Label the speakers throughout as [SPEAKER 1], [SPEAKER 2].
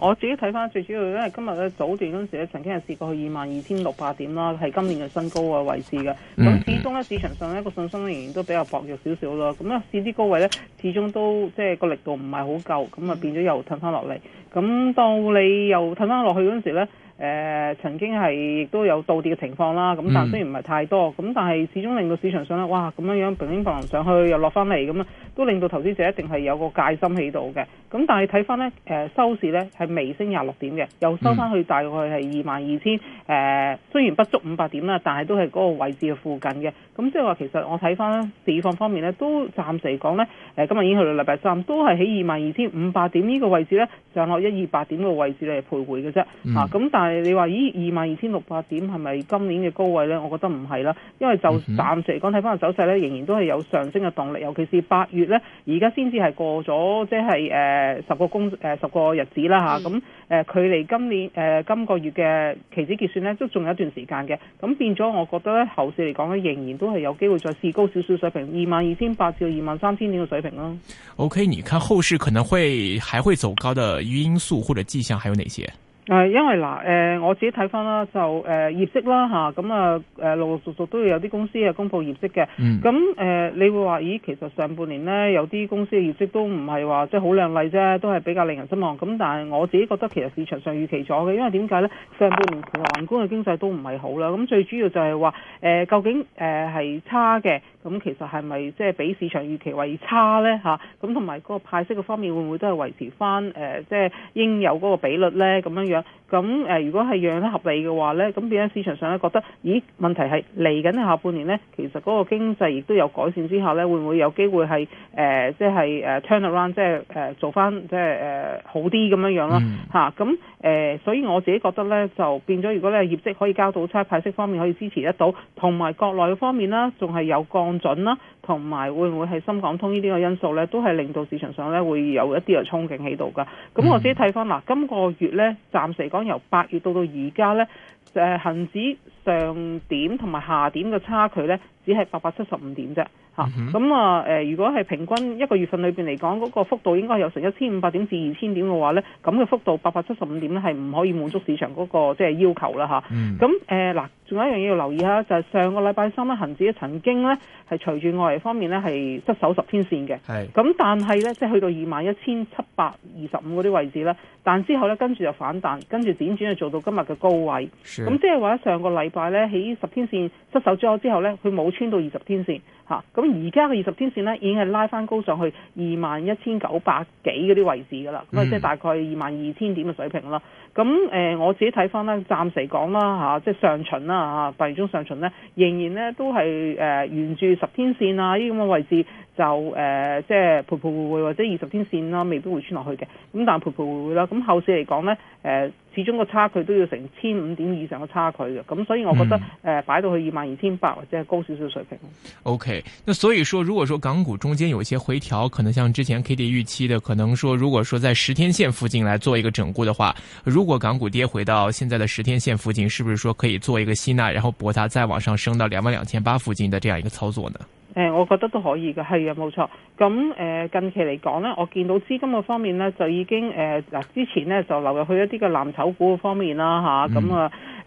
[SPEAKER 1] 我自己睇翻最主要，因為今日咧早段嗰陣時咧曾經係試過去二萬二千六百點啦，係今年嘅新高嘅位置嘅。咁始終咧市場上咧個信心仍然都比較薄弱少少啦。咁咧試啲高位咧始終都即係個力度唔係好夠，咁啊變咗又褪翻落嚟。咁到你又褪翻落去嗰陣時咧。誒、呃、曾經係亦都有倒跌嘅情況啦，咁但係雖然唔係太多，咁、嗯、但係始終令到市場上呢，哇咁樣樣平穩上去又落翻嚟，咁啊都令到投資者一定係有個戒心喺度嘅。咁但係睇翻呢，誒、呃、收市呢係微升廿六點嘅，又收翻去大概係二萬二千誒，雖然不足五百點啦，但係都係嗰個位置嘅附近嘅。咁即係話其實我睇翻呢市況方面呢，都暫時嚟講呢，誒、呃、今日已經去到禮拜三，都係喺二萬二千五百點呢個位置呢，上落一二百點個位置嚟徘徊嘅啫。嚇咁、嗯啊、但係。誒，你話依二萬二千六百點係咪今年嘅高位呢？我覺得唔係啦，因為就暫時嚟講，睇翻個走勢咧，仍然都係有上升嘅動力。尤其是八月咧，而家先至係過咗，即係誒十個公誒十、呃、個日子啦吓。咁、啊、誒、呃，距離今年誒、呃、今個月嘅期指結算咧，都仲有一段時間嘅。咁變咗，我覺得咧後市嚟講咧，仍然都係有機會再試高少少水平，二萬二千八至二萬三千點嘅水平咯。
[SPEAKER 2] O、okay, K，你看後市可能會還會走高的因素或者迹象，還有哪些？
[SPEAKER 1] 誒，因為嗱、呃，我自己睇翻啦，就誒、呃、業績啦嚇，咁啊陸陸續續都要有啲公司嘅公佈業績嘅。咁誒、嗯呃，你會話，咦，其實上半年咧有啲公司嘅業績都唔係話即係好靚麗啫，都係比較令人失望。咁但係我自己覺得其實市場上預期咗嘅，因為點解咧？上半年其實宏觀嘅經濟都唔係好啦。咁最主要就係話誒，究竟誒係、呃、差嘅，咁其實係咪即係比市場預期為差咧嚇？咁同埋嗰個派息嘅方面會唔會都係維持翻、呃、即係應有嗰個比率咧咁樣樣？咁誒、呃，如果係樣得合理嘅話咧，咁變咗市場上咧覺得，咦？問題係嚟緊下半年咧，其實嗰個經濟亦都有改善之後咧，會唔會有機會係誒，即係誒 turnaround，即係誒做翻即係誒好啲咁樣樣啦嚇。咁誒、嗯啊呃，所以我自己覺得咧，就變咗如果咧業績可以交到差，派息方面可以支持得到，同埋國內嘅方面啦，仲係有降準啦，同埋會唔會係深港通呢啲嘅因素咧，都係令到市場上咧會有一啲嘅憧憬喺度㗎。咁我自己睇翻嗱，今個月咧暫時講，由八月到到而家咧，誒恒指上點同埋下點嘅差距咧，只係八百七十五點啫。咁、mm hmm. 啊，誒，如果係平均一個月份裏邊嚟講，嗰、那個幅度應該有成一千五百點至二千點嘅話咧，咁嘅幅度八百七十五點咧係唔可以滿足市場嗰個即係要求啦吓。咁誒嗱，仲、啊 mm hmm. 啊、有一樣嘢要留意下，就係、是、上個禮拜三，呢恒指曾經咧係隨住外圍方面咧係失守十天線嘅。咁是、啊，但係咧即係去到二萬一千七百二十五嗰啲位置咧，但之後咧跟住就反彈，跟住輾轉去做到今日嘅高位。咁是、啊，即係話上個禮拜咧喺十天線失守咗之後咧，佢冇穿到二十天線。吓，咁而家嘅二十天線咧，已經係拉翻高上去二萬一千九百幾嗰啲位置㗎啦，咁啊即係大概二萬二千點嘅水平啦。咁誒、呃、我自己睇返啦，暫時講啦嚇，即係上旬啦嚇，八月中上旬呢，仍然呢都係誒、呃、沿住十天線啊呢咁嘅位置就誒、呃、即係徘徊徘徊或者二十天線啦，啊，未必會穿落去嘅。咁但係徘徊徘徊啦，咁後市嚟講呢，誒、呃，始終個差距都要成千五點以上嘅差距嘅，咁所以我覺得誒擺、嗯呃、到去二萬二千八或者係高少少水平。
[SPEAKER 2] O、okay, K，那所以說，如果說港股中間有一些回調，可能像之前 K D 預期的，可能說如果說在十天線附近來做一個整固的話，如果港股跌回到現在的十天線附近，是不是說可以做一個吸納，然後博它再往上升到兩萬兩千八附近的這樣一個操作呢？
[SPEAKER 1] 誒，我覺得都可以嘅。係啊，冇錯。咁誒，近期嚟講呢，我見到資金個方面呢，就已經誒嗱，之前呢，就流入去一啲嘅藍籌股個方面啦吓，咁啊。誒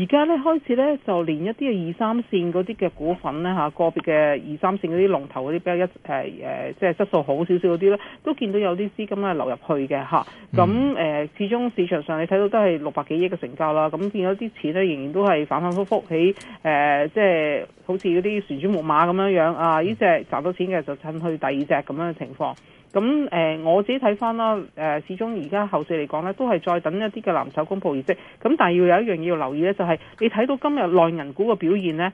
[SPEAKER 1] 而家咧開始咧，就連一啲嘅二三線嗰啲嘅股份咧嚇、啊，個別嘅二三線嗰啲龍頭嗰啲比較一、呃呃、即係質素好少少嗰啲咧，都見到有啲資金咧流入去嘅嚇。咁誒，始終市場上你睇到都係六百幾億嘅成交啦。咁、啊、見到啲錢咧，仍然都係反反覆覆喺、呃、即係好似嗰啲旋轉木馬咁樣樣啊！呢隻賺到錢嘅就趁去第二隻咁樣嘅情況。咁誒、呃、我自己睇返啦，誒、呃、始終而家後市嚟講咧，都係再等一啲嘅藍籌公佈消息。咁但係要有一樣嘢要留意咧，就係、是、你睇到今日內銀股嘅表現咧，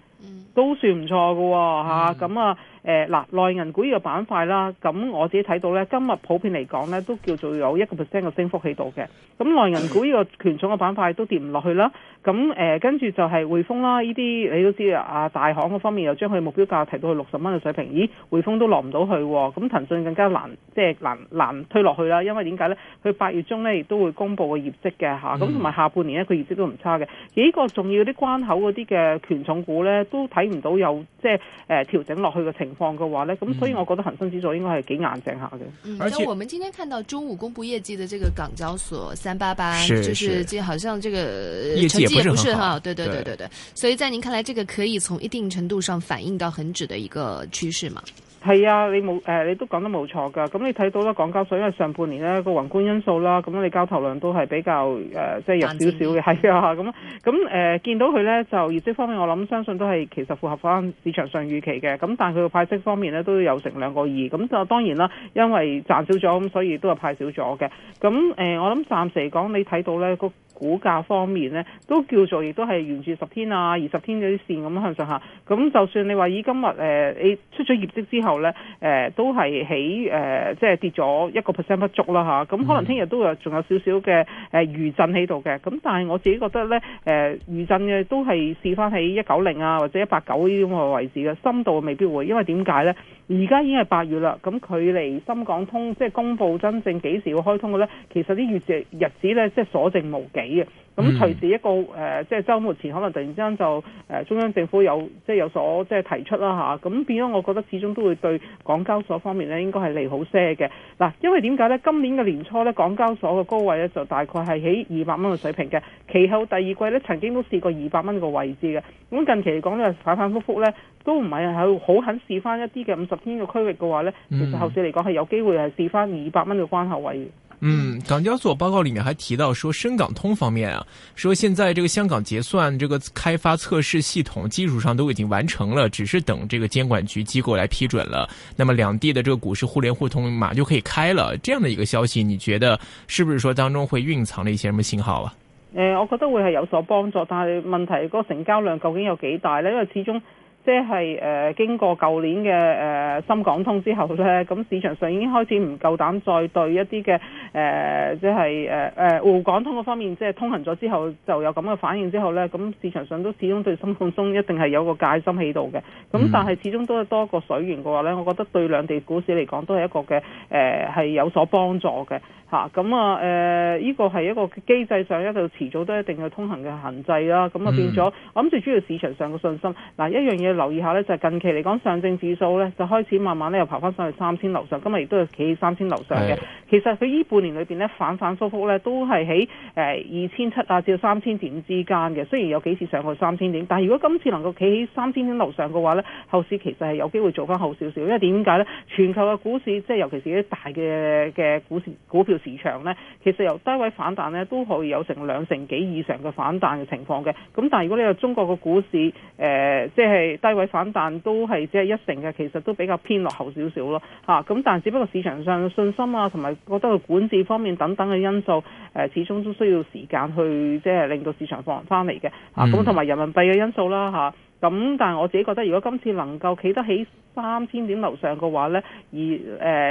[SPEAKER 1] 都算唔錯㗎喎、哦。咁啊誒嗱、啊呃、內銀股呢個板塊啦，咁我自己睇到咧今日普遍嚟講咧，都叫做有一個 percent 嘅升幅喺度嘅。咁內銀股呢個權重嘅板塊都跌唔落去啦。咁誒跟住就係匯豐啦，呢啲你都知啊大行嗰方面又將佢目標價提到去六十蚊嘅水平。咦，匯豐都落唔到去，咁騰訊更加難。即係難難推落去啦，因為點解咧？佢八月中咧亦都會公布個業績嘅吓，咁同埋下半年咧佢業績都唔差嘅。幾個重要啲關口嗰啲嘅權重股咧，都睇唔到有即係誒調整落去嘅情況嘅話咧，咁所以我覺得恒生指數應該係幾硬淨下嘅。咁、嗯、我
[SPEAKER 3] 們今天看到中午公布業績嘅這個港交所三八八，是是，是好像這個業績也不是很好，對對對對對。對所以在您看來，這個可以從一定程度上反映到恒指的一個趨勢嘛？
[SPEAKER 1] 係啊，你冇、呃、你都講得冇錯㗎。咁、嗯、你睇到啦，港交所因為上半年咧個宏觀因素啦，咁、嗯、你交投量都係比較誒、呃，即係弱少少嘅，係錢啊，咁咁誒見到佢咧就業績方面，我諗相信都係其實符合翻市場上預期嘅。咁、嗯、但係佢個派息方面咧都有成兩個二，咁、嗯、就當然啦，因為賺少咗，咁所以都係派少咗嘅。咁、嗯呃、我諗暫時嚟講，你睇到咧個股價方面咧，都叫做亦都係沿住十天啊、二十天嗰啲線咁向上行。咁、嗯、就算你話以今日、呃、你出咗業績之後。誒，都係喺、誒，即係跌咗一個 percent 不足啦，吓、啊，咁可能聽日都有仲有少少嘅誒餘震喺度嘅。咁但係我自己覺得咧，誒、呃，餘震嘅都係試翻喺一九零啊，或者一八九呢啲咁嘅位置嘅深度未必會，因為點解咧？而家已經係八月啦，咁距離深港通即係公布真正幾時會開通嘅呢？其實啲月日日子呢，即係所剩無幾嘅。咁隨時一個、呃、即係週末前可能突然之間就、呃、中央政府有即係有所即係提出啦、啊、嚇。咁變咗，我覺得始終都會對港交所方面呢應該係利好些嘅。嗱，因為點解呢？今年嘅年初呢，港交所嘅高位呢就大概係喺二百蚊嘅水平嘅。其後第二季呢，曾經都試過二百蚊個位置嘅。咁近期嚟講呢，反反覆覆呢，都唔係係好肯試翻一啲嘅五十。呢個區域嘅話呢，其實後市嚟講係有機會係試翻二百蚊嘅關口位。
[SPEAKER 2] 嗯，港交所報告裏面還提到說，深港通方面啊，說現在這個香港結算這個開發測試系統技術上都已經完成了，只是等這個監管局機構來批准了。那麼兩地的這個股市互聯互通嘛，就可以開了。這樣的一個消息，你覺得是不是說當中會蘊藏了一些什麼信號啊？
[SPEAKER 1] 誒、呃，我覺得會係有所幫助，但係問題，個成交量究竟有幾大呢？因為始終。即係誒、呃、經過舊年嘅誒、呃、深港通之後咧，咁市場上已經開始唔夠膽再對一啲嘅誒，即係誒誒滬港通嗰方面，即係通行咗之後就有咁嘅反應之後咧，咁市場上都始終對深港鬆一定係有個戒心喺度嘅。咁但係始終都係多一個水源嘅話咧，我覺得對兩地股市嚟講都係一個嘅誒係有所幫助嘅嚇。咁啊誒依、啊呃這個係一個機制上一路遲早都一定要通行嘅限制啦、啊。咁啊變咗，嗯、我諗最主要市場上嘅信心嗱、啊、一樣嘢。留意下咧，就係、是、近期嚟講，上證指數咧就開始慢慢咧又爬翻上去三千樓上，今日亦都係企喺三千樓上嘅。是的 其實佢依半年裏邊咧反反覆覆咧都係喺誒二千七啊至到三千點之間嘅。雖然有幾次上去三千點，但係如果今次能夠企喺三千點樓上嘅話咧，後市其實係有機會做翻好少少。因為點解咧？全球嘅股市即係尤其是啲大嘅嘅股市股票市場咧，其實由低位反彈咧都可以有成兩成幾以上嘅反彈嘅情況嘅。咁但係如果你有中國嘅股市誒即係低位反彈都係只係一成嘅，其實都比較偏落後少少咯，嚇咁但係只不過市場上嘅信心啊，同埋覺得佢管治方面等等嘅因素，誒始終都需要時間去即係令到市場放翻嚟嘅，啊咁同埋人民幣嘅因素啦，嚇。咁但係我自己覺得，如果今次能夠企得起三千點樓上嘅話呢，而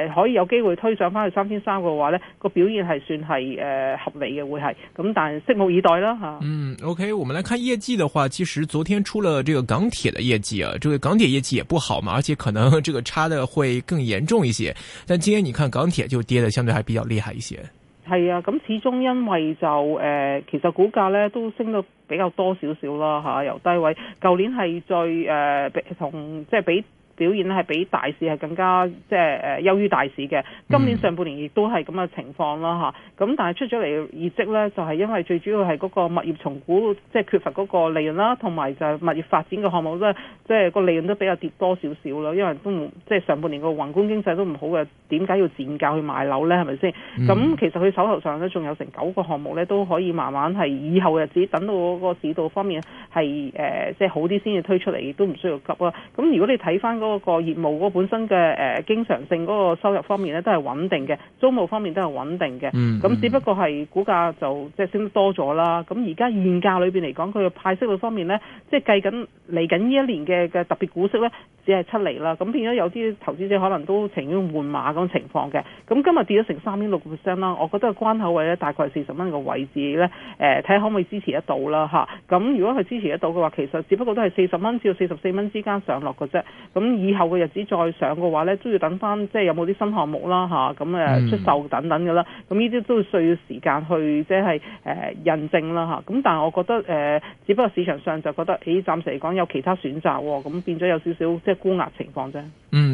[SPEAKER 1] 誒可以有機會推上翻去三千三嘅話呢，個表現係算係合理嘅，會係咁，但係拭目以待啦嚇。
[SPEAKER 2] 嗯，OK，我們來看業績的話，其實昨天出了這個港鐵嘅業績啊，這個港鐵業績也不好嘛，而且可能這個差的會更嚴重一些。但今天你看港鐵就跌得相對還比較厲害一些。
[SPEAKER 1] 係啊，咁始終因為就誒、呃，其實股價咧都升得比較多少少啦吓，由低位，舊年係最誒比同即係比。同即比表現咧係比大市係更加即係誒優於大市嘅，今年上半年亦都係咁嘅情況啦嚇。咁、啊、但係出咗嚟業績咧，就係、是、因為最主要係嗰個物業重估，即、就、係、是、缺乏嗰個利潤啦，同埋就係物業發展嘅項目都即係個利潤都比較跌多少少咯。因為都即係上半年個宏觀經濟都唔好嘅，點解要賤價去賣樓咧？係咪先？咁、嗯、其實佢手頭上咧仲有成九個項目咧，都可以慢慢係以後日子等到嗰個市道方面係誒、呃、即係好啲先至推出嚟，亦都唔需要急啦。咁、啊、如果你睇翻嗰個業務本身嘅誒、呃、經常性嗰個收入方面咧都係穩定嘅，租務方面都係穩定嘅。咁、嗯嗯、只不過係股價就即係升得多咗啦。咁而家現價裏邊嚟講，佢嘅派息率方面咧，即係計緊嚟緊呢一年嘅嘅特別股息咧，只係七釐啦。咁變咗有啲投資者可能都情願換馬咁情況嘅。咁今日跌咗成三點六 percent 啦，我覺得個關口位咧大概係四十蚊個位置咧，誒、呃、睇下可唔可以支持得到啦嚇？咁、啊、如果佢支持得到嘅話，其實只不過都係四十蚊至到四十四蚊之間上落嘅啫。咁以後嘅日子再上嘅話咧，都要等翻即係有冇啲新項目啦吓，咁誒出售等等嘅啦，咁呢啲都需要時間去即係誒、呃、印證啦吓，咁但係我覺得誒、呃，只不過市場上就覺得，誒暫時嚟講有其他選擇喎，咁變咗有少少即係沽壓情況啫。嗯。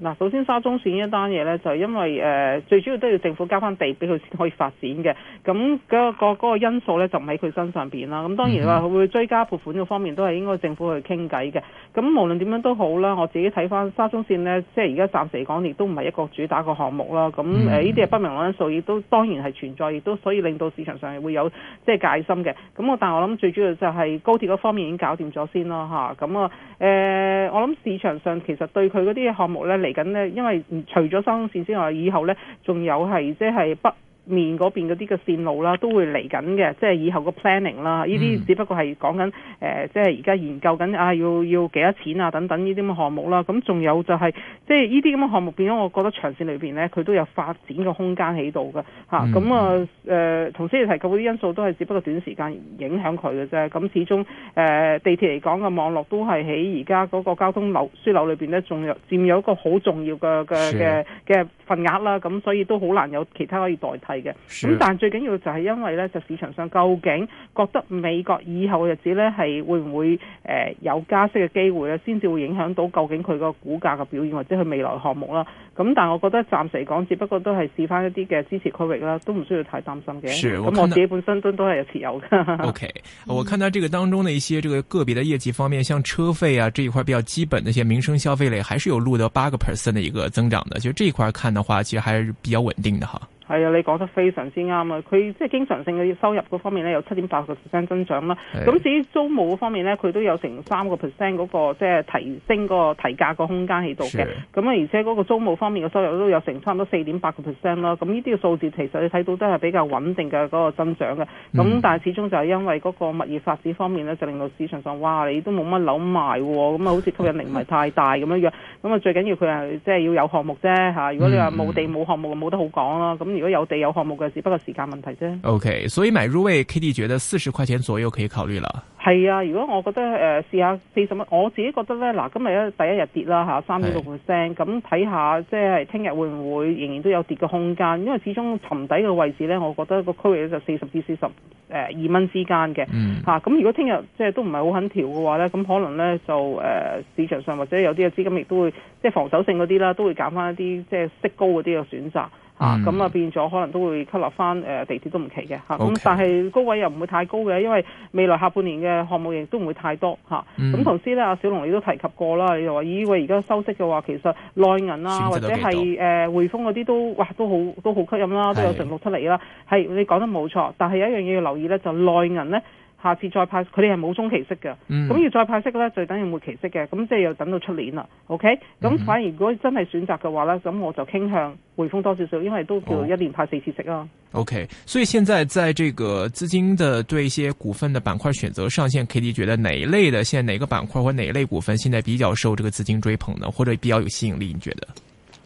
[SPEAKER 1] 嗱，首先沙中線一單嘢咧，就係、因為誒、呃、最主要都要政府交翻地俾佢先可以發展嘅，咁嗰、嗰個因素咧就唔喺佢身上邊啦。咁當然話會追加撥款嘅方面都係應該政府去傾偈嘅。咁無論點樣都好啦，我自己睇翻沙中線咧，即係而家暫時嚟講亦都唔係一個主打個項目啦。咁呢啲係不明因素，亦都當然係存在，亦都所以令到市場上係會有即係戒心嘅。咁我但我諗最主要就係高鐵嗰方面已經搞掂咗先啦吓，咁啊、呃、我諗市場上其實對佢嗰啲項目咧嚟緊咧，因為除咗深中線之外，以後咧仲有係即係北面嗰邊嗰啲嘅線路啦，都會嚟緊嘅，即係以後個 planning 啦，呢啲只不過係講緊誒、呃、即係而家研究緊啊，要要幾多錢啊，等等呢啲咁嘅項目啦。咁、啊、仲有就係、是、即係呢啲咁嘅項目變咗，我覺得長線裏邊咧，佢都有發展嘅空間喺度嘅吓，咁啊誒、嗯啊呃、同先前提及嗰啲因素都係只不過短時間影響佢嘅啫。咁、啊、始終誒、呃、地鐵嚟講嘅網絡都係喺而家嗰個交通流樞紐裏邊咧，仲有佔有一個好重要嘅嘅嘅嘅份額啦。咁、啊、所以都好難有其他可以代替。咁是但係最緊要就係因為咧，就市場上究竟覺得美國以後嘅日子咧係會唔會誒、呃、有加息嘅機會咧，先至會影響到究竟佢個股價嘅表現或者佢未來項目啦。咁但係我覺得暫時嚟講，只不過都係試翻一啲嘅支持區域啦，都唔需要太擔心嘅。是我看到我自己本身都都係持有嘅。OK，我
[SPEAKER 2] 看到這個當中的一些這個個別的業績方面，嗯、像車費啊這一塊比較基本的一些民生消費類，還是有錄得八個 percent 的一個增長的。就這一塊看的話，其實還是比較穩定的哈。
[SPEAKER 1] 係啊，你講得非常之啱啊！佢即係經常性嘅收入嗰方面咧，有七點八個 percent 增長啦。咁的至於租務方面咧，佢都有成三個 percent 嗰個即係提升個提價個空間喺度嘅。咁啊的，而且嗰個租務方面嘅收入都有成差唔多四點八個 percent 咯。咁呢啲嘅數字其實你睇到都係比較穩定嘅嗰個增長嘅。咁、嗯、但係始終就係因為嗰個物業發展方面咧，就令到市場上哇，你都冇乜樓賣喎，咁啊好似吸引力唔係太大咁樣、嗯、樣。咁啊，最緊要佢係即係要有項目啫嚇。如果你話冇地冇項目，冇得好講咯咁。嗯嗯。如果有地有項目嘅，只不過時間問題啫。
[SPEAKER 2] O、okay, K，所以買入位，K D 覺得四十塊錢左右可以考慮啦。係啊，如
[SPEAKER 1] 果我覺得誒、呃、試下四十蚊，我自己覺得咧嗱，今日咧第一日跌啦嚇，三點六 percent，咁睇下即係聽日會唔會仍然都有跌嘅空間？因為始終沉底嘅位置咧，我覺得個區域咧就四十至四十誒二蚊之間嘅嚇。咁、嗯啊、如果聽日即係都唔係好肯調嘅話咧，咁可能咧就誒、呃、市場上或者有啲嘅資金亦都會即係防守性嗰啲啦，都會減翻一啲即係息高嗰啲嘅選擇。啊，咁啊、嗯、變咗可能都會吸納翻誒地鐵都唔奇嘅嚇，咁 Okay, 但係高位又唔會太高嘅，因為未來下半年嘅項目亦都唔會太多嚇，咁頭先咧，阿、嗯、小龍你都提及過啦，你又話咦喂，而家收息嘅話，其實內銀啦、啊，或者係誒匯豐嗰啲都哇都好都好吸引啦，是都有成六七厘啦。係，你講得冇錯，但係有一樣嘢要留意咧，就內、是、銀咧。下次再派，佢哋係冇中期息嘅，咁要、嗯、再派息咧，就等於末期息嘅，咁即係又等到出年啦。OK，咁反而如果真係選擇嘅話咧，咁我就傾向匯豐多少少，因為都叫一年派四次息啦、哦。
[SPEAKER 2] OK，所以現在在這個資金的對一些股份的板塊選擇上限，現 K D 覺得哪一類的，現在哪個板塊或哪一類股份現在比較受這個資金追捧呢？或者比較有吸引力？你覺得？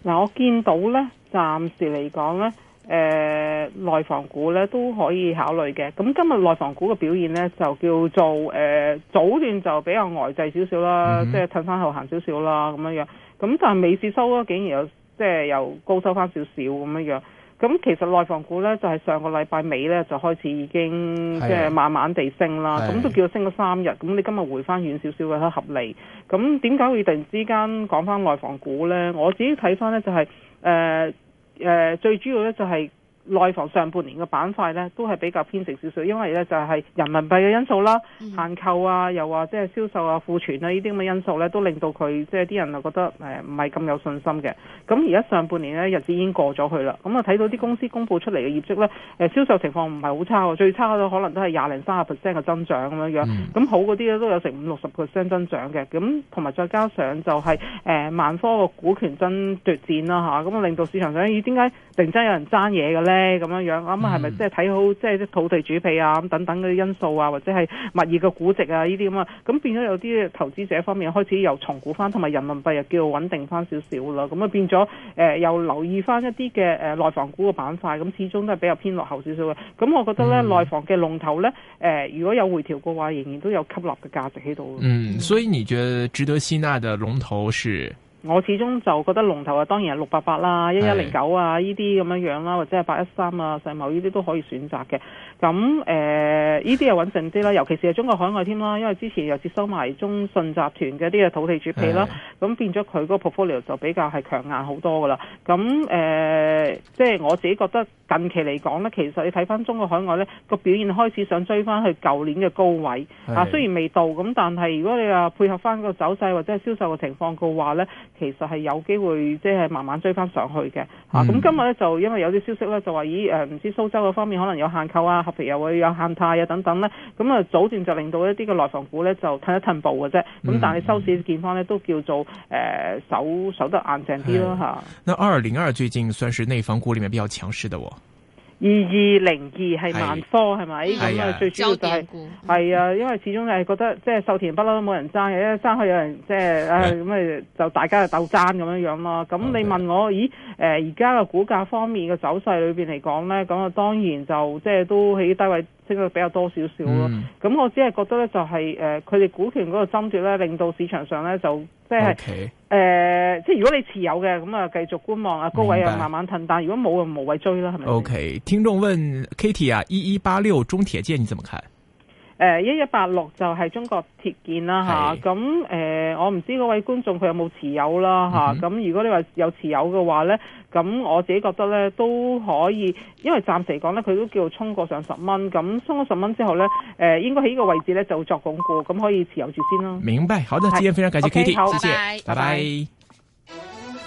[SPEAKER 1] 嗱，我見到咧，暫時嚟講咧。誒，內、呃、房股咧都可以考慮嘅。咁今日內房股嘅表現咧，就叫做誒、呃，早段就比較呆滯少少啦，mm hmm. 即係褪翻後行少少啦，咁樣樣。咁但係美市收咧，竟然又即係又高收翻少少咁樣樣。咁其實內房股咧，就係、是、上個禮拜尾咧，就開始已經 Yeah. 即係慢慢地升啦。咁 Yeah. 都叫升咗三日。咁你今日回翻遠少少嘅都合理。咁點解會突然之間講翻內房股咧？我自己睇翻咧就係、是、誒。呃誒，最主要咧就係、是。內房上半年嘅板塊咧，都係比較偏靜少少，因為咧就係人民幣嘅因素啦，mm. 限購啊，又或者係銷售啊、庫存啊呢啲咁嘅因素咧，都令到佢即係啲人就覺得誒唔係咁有信心嘅。咁而家上半年咧日子已經過咗去啦，咁啊睇到啲公司公布出嚟嘅業績咧，誒、呃、銷售情況唔係好差嘅，最差嘅可能都係廿零三十 percent 嘅增長咁樣樣。咁、mm. 好嗰啲咧都有成五六十 percent 增長嘅。咁同埋再加上就係誒萬科嘅股權爭奪戰啦、啊、吓，咁啊令到市場上咦點解？突然真有人爭嘢嘅咧咁樣樣，啱係咪即係睇好即係啲土地儲備啊咁等等嘅因素啊，或者係物業嘅估值啊呢啲咁啊，咁變咗有啲投資者方面開始又重估翻，同埋人民幣又叫穩定翻少少啦，咁啊變咗誒、呃、又留意翻一啲嘅內房股嘅板塊，咁始終都係比較偏落後少少嘅。咁我覺得咧內、嗯、房嘅龍頭咧誒、呃，如果有回調嘅話，仍然都有吸納嘅價值喺度。嗯，嗯
[SPEAKER 2] 所以你覺得值得吸納嘅龍頭係？
[SPEAKER 1] 我始終就覺得龍頭當然是啦啊，當然係六八八啦，一一零九啊，依啲咁樣樣啦，或者係八一三啊、世茂依啲都可以選擇嘅。咁誒，呢啲又穩陣啲啦，尤其是係中國海外添啦，因為之前又接收埋中信集團嘅啲嘅土地主皮啦，咁係係，變咗佢個 portfolio 就比較係強硬好多噶啦。咁誒、呃，即係我自己覺得近期嚟講呢，其實你睇翻中國海外呢個表現開始想追翻去舊年嘅高位啊，係係，雖然未到，咁但係如果你話配合翻個走勢或者係銷售嘅情況嘅話呢，其實係有機會即係慢慢追翻上去嘅。啊，咁今日呢，就因為有啲消息呢，就話，咦誒唔知蘇州嘅方面可能有限購啊。又會有限態啊，等等咧，咁啊早段就令到一啲嘅內房股咧就褪一褪步嘅啫，咁但係收市見況咧都叫做誒、呃、守守得硬淨啲咯吓，
[SPEAKER 2] 那二零二最近算是內房股裡面比較強勢的喎。二二
[SPEAKER 1] 零二係萬科係咪？咁啊最主要就係、是、係、嗯、啊，是啊因為始終係覺得即係、就是、秀田不嬲都冇人爭嘅，因為爭開有人即係咁咪就大家就鬥爭咁樣樣咯。咁你問我，咦？誒而家嘅股價方面嘅走勢裏邊嚟講咧，咁啊當然就即係、就是、都喺低位。應該比較多少少咯，咁、嗯、我只係覺得咧就係、是、誒，佢、呃、哋股權嗰個爭奪咧，令到市場上咧就即係誒，即係 Okay.、呃、如果你持有嘅，咁啊繼續觀望啊，高位啊白慢慢褪，但如果冇、okay. 啊，無謂追啦，係
[SPEAKER 2] 咪？OK，聽眾問 Kitty 啊，一一八六中鐵建，你怎麼看？
[SPEAKER 1] 誒，一一八六就係中國鐵建啦，咁，誒我唔知嗰位觀眾佢有冇持有啦咁、嗯哼啊、如果你話有持有嘅話咧，咁我自己覺得咧都可以，因為暫時嚟講咧佢都叫衝過上十蚊，咁衝咗十蚊之後咧，誒、呃、應該喺呢個位置咧就作鞏固，咁可以持有住先啦。
[SPEAKER 2] 明白，好的，今天非常感、okay, 謝 Kitty，多謝，拜拜 bye。Bye bye